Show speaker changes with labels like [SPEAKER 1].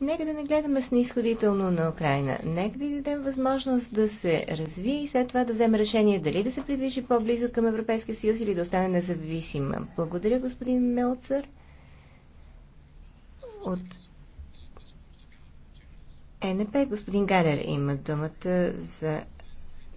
[SPEAKER 1] Нека да не гледаме снисходително на Украина. Нека да дадем възможност да се развие и след това да вземе решение дали да се придвижи по-близо към Европейския съюз или да остане независима. Благодаря, господин Мелцър. От ЕНП господин Гадер има думата
[SPEAKER 2] за